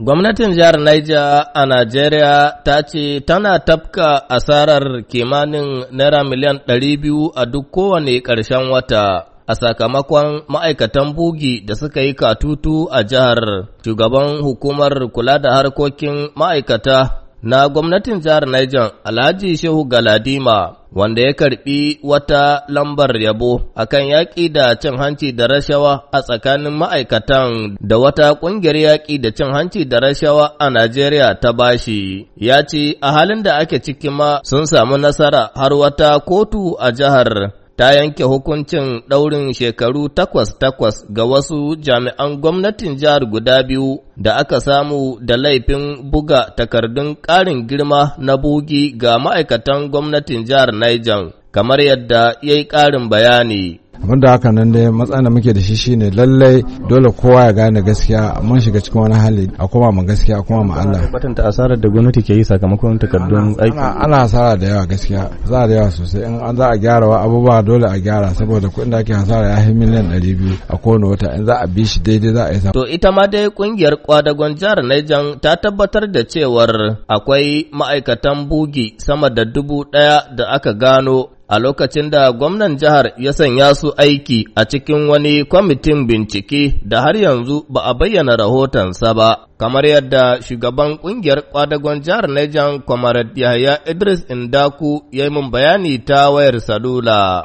Gwamnatin jihar Niger a Najeriya ta ce tana tafka asarar kimanin naira miliyan ɗari biyu a duk kowane ƙarshen wata a sakamakon ma'aikatan bugi da suka yi katutu a jihar. Shugaban hukumar kula da harkokin ma'aikata na gwamnatin jihar Niger Alhaji Shehu Galadima wanda ya karbi wata lambar yabo akan yaƙi da cin hanci da rashawa a tsakanin ma'aikatan da wata ƙungiyar yaƙi da cin hanci da rashawa a Najeriya ta bashi. Ya ce a halin da ake ciki ma sun samu nasara har wata kotu a jihar ta yanke hukuncin ɗaurin shekaru takwas-takwas ga wasu jami'an gwamnatin jihar guda biyu da aka samu da laifin buga takardun ƙarin girma na bugi ga ma'aikatan gwamnatin jihar Niger, kamar yadda ya yi ƙarin bayani. da haka nan dai matsayin da muke da shi shine lallai dole kowa ya gane gaskiya mun shiga cikin wani hali a koma mu gaskiya a koma mu Allah batanta asarar da gwamnati ke yi sakamakon takardun aiki ana asara da yawa gaskiya za da yawa sosai in an za a gyara wa abubuwa dole a gyara saboda kuɗin da ake hasara ya yi miliyan 200 a kowane wata in za a bi shi daidai za a yi to ita ma dai kungiyar kwadagon jihar Niger ta tabbatar da cewar akwai ma'aikatan bugi sama da dubu ɗaya da aka gano a lokacin da gwamnan jihar ya sanya su aiki a cikin wani kwamitin bincike da har yanzu ba a bayyana rahotonsa ba, kamar yadda shugaban kungiyar kwadagon jihar Niger Kwamarat Yahya Idris Indaku ya yi mun bayani ta wayar salula.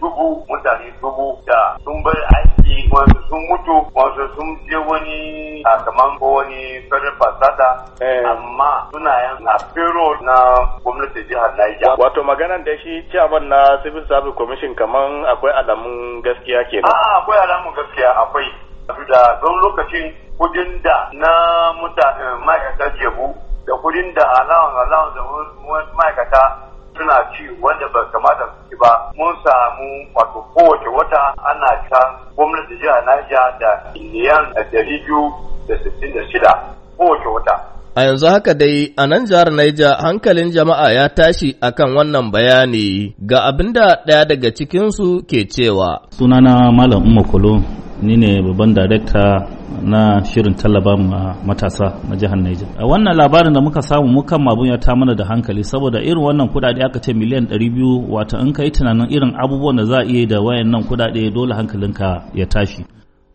Mu a kamar ko wani farin fasada eh. amma sunayen na payroll na gwamnati jihar Naija. Wato maganan da shi ciyaman na Civil Service Commission kamar akwai alamun gaskiya kenan. A'a akwai alamun gaskiya akwai. Da don lokacin kudin da na mutanen eh, ma'aikata jebu da kudin da alawan alawan da ma'aikata suna ci wanda ba kamata su ci ba mun samu wato kowace wata ana ta gwamnati jihar Niger da miliyan A yanzu haka dai a nan jihar Naija hankalin jama'a ya tashi akan wannan bayani ga abin da ɗaya daga cikinsu ke cewa. Sunana Malam Umma Kolo ni ne babban darekta na shirin tallaba matasa na jihar Naija. A wannan labarin da muka samu mukan mabun ya ta mana da hankali saboda irin wannan kuɗaɗe aka ce miliyan ɗari biyu, wato in ka yi tunanin irin abubuwan da za a iya da wayannan kuɗaɗe dole hankalinka ya tashi.